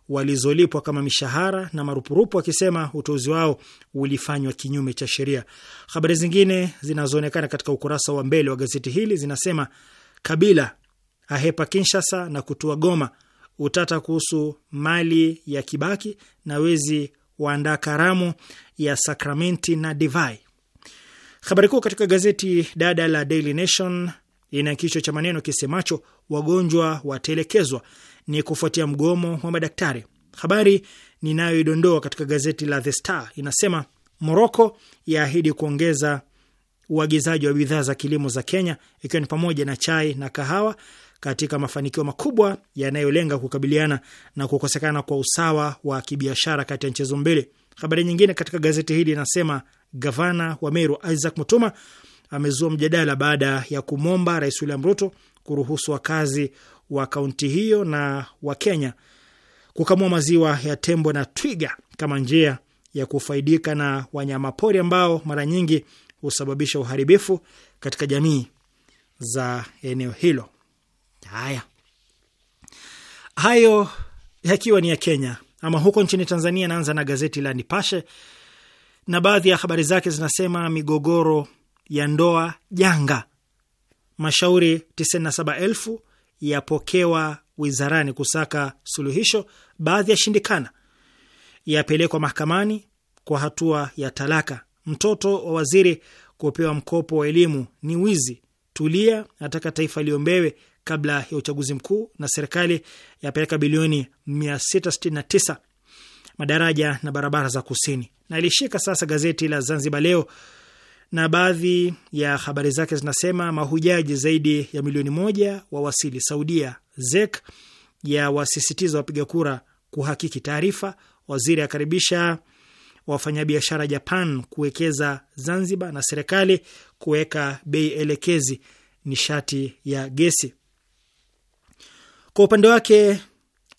walizolipwa kama mishahara na marupurupu, akisema uteuzi wao ulifanywa kinyume cha sheria. Habari zingine zinazoonekana katika ukurasa wa mbele wa gazeti hili zinasema Kabila ahepa Kinshasa na kutua Goma, utata kuhusu mali ya Kibaki na wezi waandaa karamu ya sakramenti na divai. Habari kuu katika gazeti dada la Daily Nation ina kichwa cha maneno kisemacho wagonjwa watelekezwa ni kufuatia mgomo wa madaktari. Habari ninayoidondoa katika gazeti la The Star inasema Moroko yaahidi kuongeza uagizaji wa bidhaa za kilimo za Kenya ikiwa ni pamoja na chai na kahawa katika mafanikio makubwa yanayolenga kukabiliana na kukosekana kwa usawa wa kibiashara kati ya nchi hizo mbili. Habari nyingine katika gazeti hili inasema gavana wa Meru Isaac Mutuma amezua mjadala baada ya kumwomba Rais William Ruto kuruhusu wakazi wa kaunti hiyo na Wakenya kukamua maziwa ya tembo na twiga kama njia ya kufaidika na wanyamapori ambao mara nyingi husababisha uharibifu katika jamii za eneo hilo. Haya, hayo yakiwa ni ya Kenya. Ama huko nchini Tanzania, naanza na gazeti la Nipashe na baadhi ya habari zake zinasema: migogoro ya ndoa janga, mashauri 97,000 yapokewa wizarani kusaka suluhisho, baadhi yashindikana, yapelekwa mahakamani kwa hatua ya talaka, mtoto wa waziri kupewa mkopo wa elimu ni wizi, Tulia nataka taifa liombewe kabla ya uchaguzi mkuu, na serikali yapeleka bilioni 669 madaraja na barabara za kusini. Na ilishika sasa gazeti la Zanzibar Leo na baadhi ya habari zake zinasema mahujaji zaidi ya milioni moja wawasili Saudia, ZEK ya wasisitiza wapiga kura kuhakiki taarifa, waziri akaribisha wafanyabiashara Japan kuwekeza Zanzibar, na serikali kuweka bei elekezi nishati ya gesi. Kwa upande wake,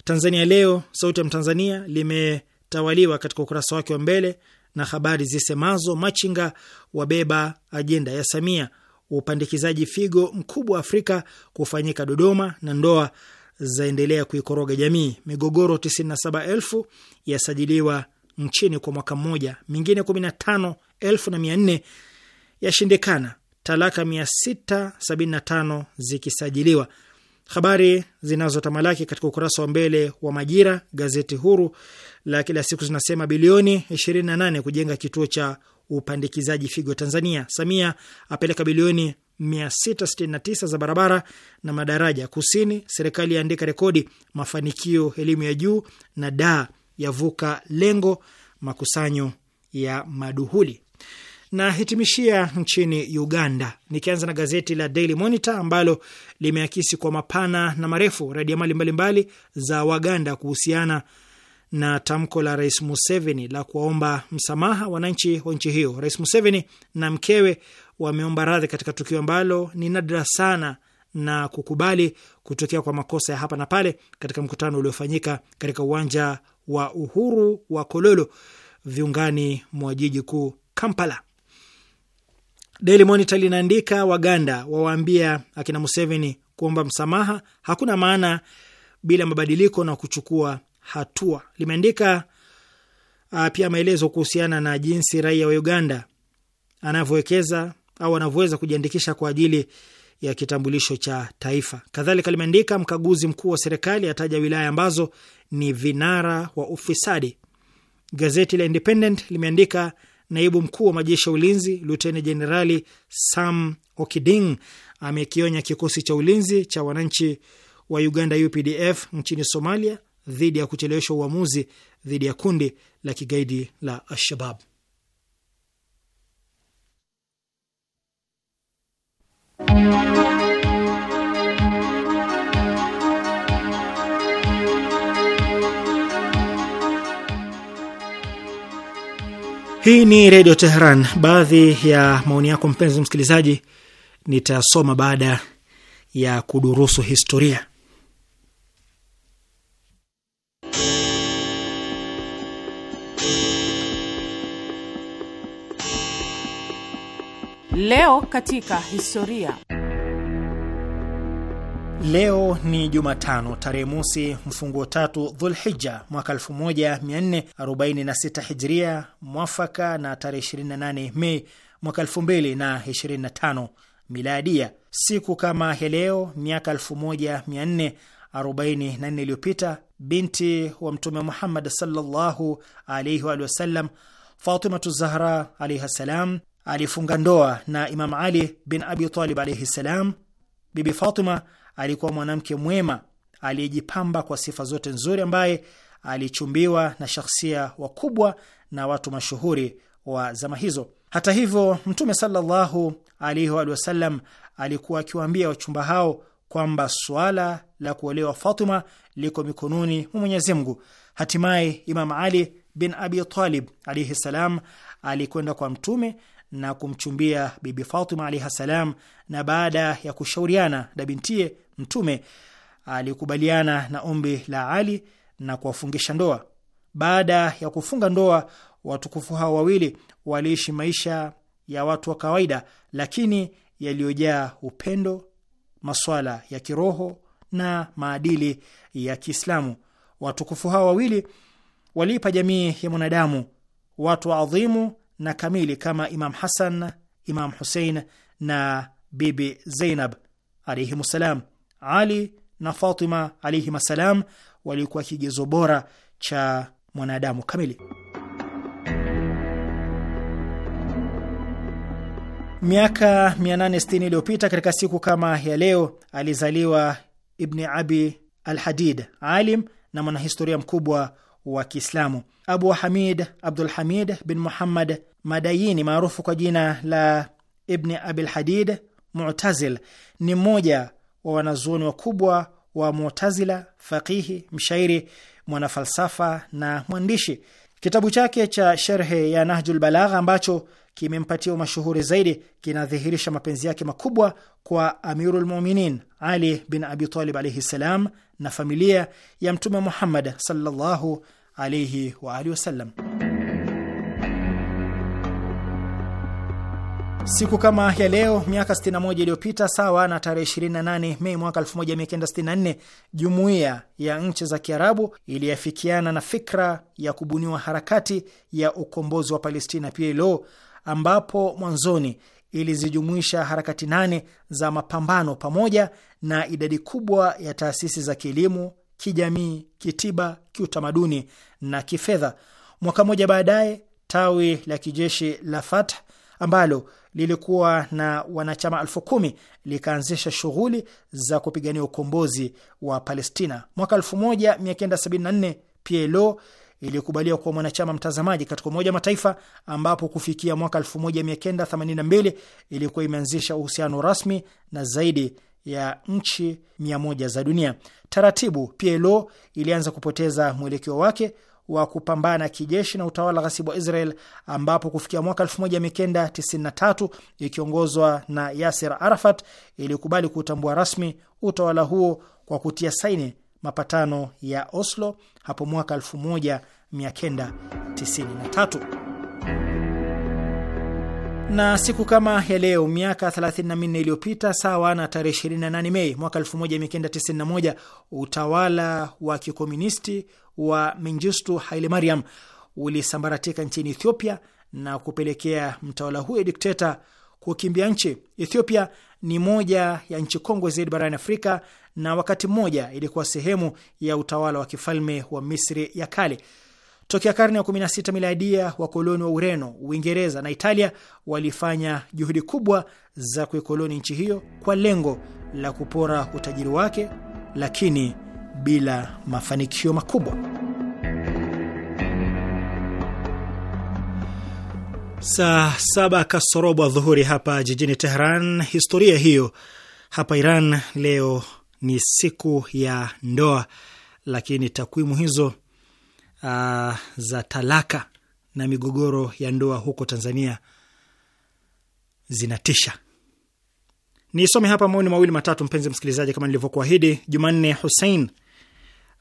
Tanzania Leo, Sauti ya Mtanzania limetawaliwa katika ukurasa wake wa mbele na habari zisemazo machinga wabeba ajenda ya Samia, upandikizaji figo mkubwa wa Afrika kufanyika Dodoma, na ndoa zaendelea kuikoroga jamii. Migogoro 97,000 yasajiliwa nchini kwa mwaka mmoja, mingine 15,400 yashindikana, talaka 675 zikisajiliwa. Habari zinazotamalaki katika ukurasa wa mbele wa Majira, gazeti huru la kila siku zinasema bilioni 28 kujenga kituo cha upandikizaji figo Tanzania. Samia apeleka bilioni 669 za barabara na madaraja kusini. Serikali yaandika rekodi mafanikio elimu ya juu, na daa yavuka lengo makusanyo ya maduhuli. Na hitimishia nchini Uganda, nikianza na gazeti la Daily Monitor ambalo limeakisi kwa mapana na marefu radiamali mbalimbali za Waganda kuhusiana na tamko la Rais Museveni la kuwaomba msamaha wananchi wa nchi hiyo. Rais Museveni na mkewe wameomba radhi katika tukio ambalo ni nadra sana na kukubali kutokea kwa makosa ya hapa na pale katika mkutano uliofanyika katika uwanja wa Uhuru wa Kololo viungani mwa jiji kuu Kampala. Daily Monitor linaandika Waganda wawaambia akina Museveni kuomba msamaha hakuna maana bila mabadiliko na kuchukua hatua. Limeandika uh, pia maelezo kuhusiana na jinsi raia wa Uganda anavyowekeza au anavyoweza kujiandikisha kwa ajili ya kitambulisho cha taifa. Kadhalika limeandika mkaguzi mkuu wa serikali ataja wilaya ambazo ni vinara wa ufisadi. Gazeti la Independent limeandika naibu mkuu wa majeshi ya ulinzi luteni jenerali Sam Okiding amekionya kikosi cha ulinzi cha wananchi wa Uganda UPDF nchini Somalia dhidi ya kuchelewesha uamuzi dhidi ya kundi la kigaidi la Alshabab. Hii ni Redio Teheran. Baadhi ya maoni yako mpenzi msikilizaji, nitasoma baada ya kudurusu historia. Leo katika historia. Leo ni Jumatano tarehe mosi mfunguo tatu Dhulhija mwaka 1446 Hijria, mwafaka na tarehe 28 Mei mwaka 2025 Miladia. Siku kama ya leo miaka 1444 iliyopita binti wa Mtume Muhammad sallallahu alaihi wa sallam Fatimatu Zahra alaihi salam alifunga ndoa na Imam Ali bin Abi Talib alaihi ssalam. Bibi Fatima alikuwa mwanamke mwema aliyejipamba kwa sifa zote nzuri, ambaye alichumbiwa na shakhsia wakubwa na watu mashuhuri wa zama hizo. Hata hivyo, Mtume sallallahu alaihi wa sallam alikuwa akiwaambia wachumba hao kwamba swala la kuolewa Fatima liko mikononi mwa Mwenyezi Mungu. Hatimaye Imam Ali bin Abi Talib alaihi ssalam alikwenda kwa Mtume na kumchumbia Bibi Fatima alaihi salam, na baada ya kushauriana na bintie Mtume alikubaliana na ombi la Ali na kuwafungisha ndoa. Baada ya kufunga ndoa, watukufu hao wawili waliishi maisha ya watu wa kawaida, lakini yaliyojaa upendo, maswala ya kiroho na maadili ya Kiislamu. Watukufu hao wawili waliipa jamii ya mwanadamu watu adhimu na kamili kama Imam Hasan, Imam Husein na Bibi Zeinab alaihim salam. Ali na Fatima alaihim salam walikuwa kigezo bora cha mwanadamu kamili. Miaka 860 iliyopita katika siku kama ya leo alizaliwa Ibni Abi Alhadid, alim na mwanahistoria mkubwa wa Kiislamu. Abu Hamid Abdul Hamid bin Muhammad Madayini, maarufu kwa jina la Ibni Abil Hadid Mutazil, ni mmoja wa wanazuoni wakubwa wa Mutazila, faqihi, mshairi, mwanafalsafa na mwandishi. Kitabu chake cha sherhe ya Nahjul Balagha ambacho kimempatia mashuhuri zaidi kinadhihirisha mapenzi yake makubwa kwa Amirul Muminin Ali bin Abi Talib alaihi ssalam na familia ya Mtume Muhammad sallallahu alaihi wa alihi wasallam. Siku kama ya leo miaka 61 iliyopita, sawa na tarehe 28 Mei mwaka 1964, jumuiya ya nchi za Kiarabu iliyafikiana na fikra ya kubuniwa harakati ya ukombozi wa Palestina PLO, ambapo mwanzoni ilizijumuisha harakati nane za mapambano pamoja na idadi kubwa ya taasisi za kielimu, kijamii, kitiba, kiutamaduni na kifedha. Mwaka mmoja baadaye, tawi la kijeshi la Fatah ambalo lilikuwa na wanachama elfu kumi likaanzisha shughuli za kupigania ukombozi wa Palestina. Mwaka 1974 PLO iliyokubaliwa kuwa mwanachama mtazamaji katika Umoja Mataifa, ambapo kufikia mwaka 1982 ilikuwa imeanzisha uhusiano rasmi na zaidi ya nchi 100 za dunia. Taratibu PLO ilianza kupoteza mwelekeo wake wa kupambana kijeshi na utawala ghasibu wa Israel ambapo kufikia mwaka 1993 ikiongozwa na Yasir Arafat ilikubali kuutambua rasmi utawala huo kwa kutia saini mapatano ya Oslo hapo mwaka 1993 na siku kama ya leo miaka 34 iliyopita sawa na tarehe 28 Mei mwaka 1991 utawala wa kikomunisti wa Mengistu Haile Mariam ulisambaratika nchini Ethiopia na kupelekea mtawala huyo dikteta kukimbia nchi. Ethiopia ni moja ya nchi kongwe zaidi barani Afrika na wakati mmoja ilikuwa sehemu ya utawala wa kifalme wa Misri ya kale. Tokea karne ya 16 miladia, wakoloni wa Ureno, Uingereza na Italia walifanya juhudi kubwa za kuikoloni nchi hiyo kwa lengo la kupora utajiri wake, lakini bila mafanikio makubwa. saa saba kasorobo dhuhuri hapa jijini Tehran. Historia hiyo hapa Iran, leo ni siku ya ndoa, lakini takwimu hizo uh, za talaka na migogoro ya ndoa huko Tanzania zinatisha. Nisome hapa maoni mawili matatu, mpenzi msikilizaji, kama nilivyokuahidi. Jumanne Hussein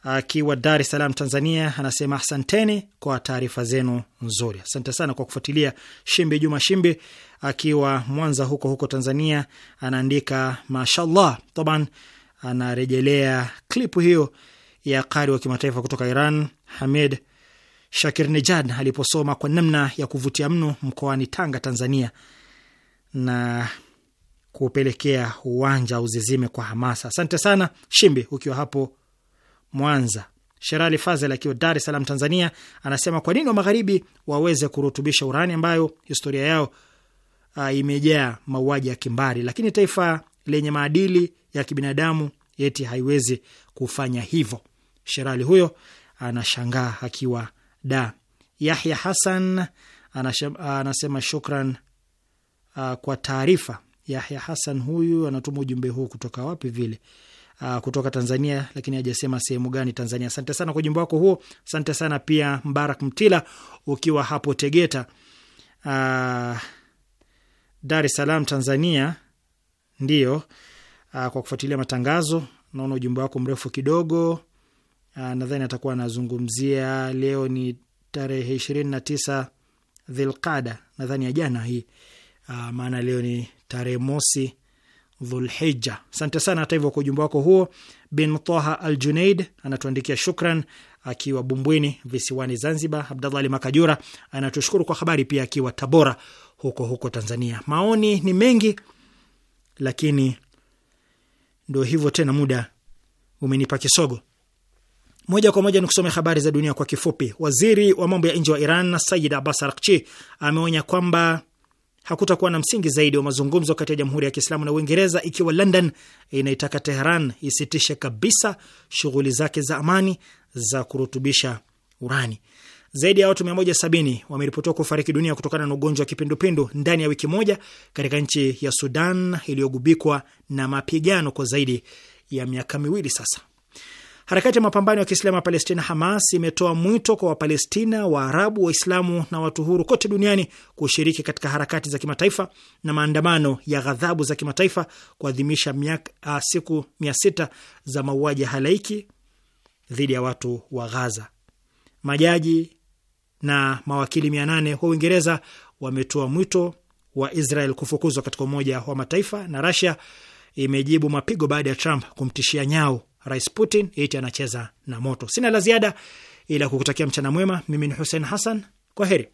akiwa Dar es Salaam, Tanzania, anasema asanteni kwa taarifa zenu nzuri. Asante sana kwa kufuatilia. Shimbi Juma Shimbi akiwa Mwanza huko huko Tanzania anaandika mashallah, taban anarejelea klipu hiyo ya kari wa kimataifa kutoka Iran Hamid Shakir Nejad aliposoma kwa namna ya kuvutia mno mkoani Tanga, Tanzania, na kupelekea uwanja uzizime kwa hamasa. Asante sana Shimbi ukiwa hapo Mwanza. Sherali Fazel akiwa Dar es Salaam, Tanzania, anasema kwa nini wa magharibi waweze kurutubisha urani ambayo historia yao uh, imejaa mauaji ya kimbari, lakini taifa lenye maadili ya kibinadamu yeti haiwezi kufanya hivyo. Sherali huyo anashangaa akiwa Da. Yahya Hasan anasema shukran uh, kwa taarifa. Yahya Hasan huyu anatuma ujumbe huu kutoka wapi vile uh, kutoka Tanzania, lakini hajasema sehemu gani Tanzania. Asante sana kwa ujumbe wako huo. Asante sana pia Mbarak Mtila ukiwa hapo Tegeta, uh, Dar es Salaam, Tanzania. ndio uh, kwa kufuatilia matangazo. Naona ujumbe wako mrefu kidogo, uh, nadhani atakuwa anazungumzia leo ni tarehe ishirini na tisa Dhilqada, nadhani ya jana hii, uh, maana leo ni tarehe mosi Dhulhija. Asante sana hata hivyo kwa ujumbe wako huo. Bin Toha Al Junaid anatuandikia shukran akiwa Bumbwini visiwani Zanzibar. Abdallah Ali Makajura anatushukuru kwa habari pia akiwa Tabora huko huko Tanzania. Maoni ni mengi, lakini ndo hivyo tena, muda umenipa kisogo. Moja kwa moja nikusome habari za dunia kwa kifupi. Waziri wa mambo ya nje wa Iran Sayid Abbas Arakchi ameonya kwamba hakutakuwa na msingi zaidi wa mazungumzo kati ya Jamhuri ya Kiislamu na Uingereza ikiwa London inaitaka Teheran isitishe kabisa shughuli zake za amani za kurutubisha urani. Zaidi ya watu 170 wameripotiwa kufariki dunia kutokana na ugonjwa wa kipindupindu ndani ya wiki moja katika nchi ya Sudan iliyogubikwa na mapigano kwa zaidi ya miaka miwili sasa. Harakati ya mapambano ya Kiislamu ya Palestina, Hamas, imetoa mwito kwa Wapalestina, Waarabu, Waislamu na watu huru kote duniani kushiriki katika harakati za kimataifa na maandamano ya ghadhabu za kimataifa kuadhimisha uh, siku mia sita za mauaji halaiki dhidi ya watu wa Ghaza. Majaji na mawakili mia nane wa Uingereza wametoa mwito wa Israel kufukuzwa katika Umoja wa Mataifa, na Rasia imejibu mapigo baada ya Trump kumtishia nyao Rais Putin iti anacheza na moto. Sina la ziada ila kukutakia mchana mwema. Mimi ni Hussein Hassan, kwa heri.